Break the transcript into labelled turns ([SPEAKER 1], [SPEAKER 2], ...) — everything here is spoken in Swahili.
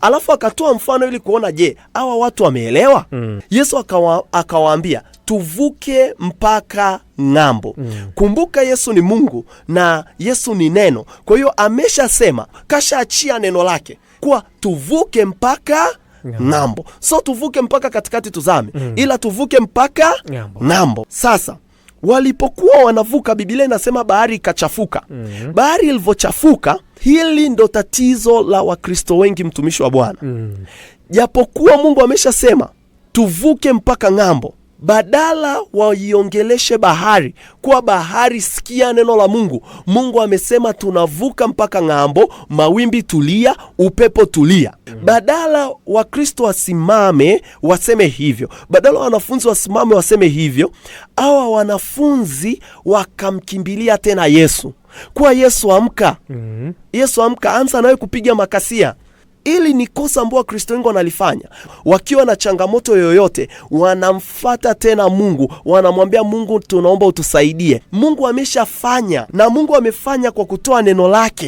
[SPEAKER 1] alafu akatoa mfano ili kuona je, hawa watu wameelewa? mm. Yesu akawa, akawaambia tuvuke mpaka ng'ambo. mm. Kumbuka Yesu ni Mungu na Yesu ni neno, kwa hiyo ameshasema, kashaachia neno lake kuwa tuvuke mpaka ng'ambo, so tuvuke mpaka katikati tuzame, mm. ila tuvuke mpaka ng'ambo. Sasa walipokuwa wanavuka, bibilia inasema bahari ikachafuka. mm. bahari ilivyochafuka Hili ndo tatizo la Wakristo wengi, mtumishi wa Bwana. Mm. Japokuwa Mungu ameshasema tuvuke mpaka ng'ambo, badala waiongeleshe bahari kuwa bahari, sikia neno la Mungu. Mungu amesema tunavuka mpaka ng'ambo, mawimbi tulia, upepo tulia. Mm. Badala Wakristo wasimame waseme hivyo, badala wanafunzi wasimame waseme hivyo, awa wanafunzi wakamkimbilia tena Yesu kuwa Yesu amka.
[SPEAKER 2] mm -hmm.
[SPEAKER 1] Yesu amka, ansa nawe kupiga makasia. Ili ni kosa ambao Wakristo wengi wanalifanya, wakiwa na changamoto yoyote, wanamfata tena Mungu, wanamwambia Mungu, tunaomba utusaidie. Mungu ameshafanya, na Mungu amefanya kwa kutoa neno lake.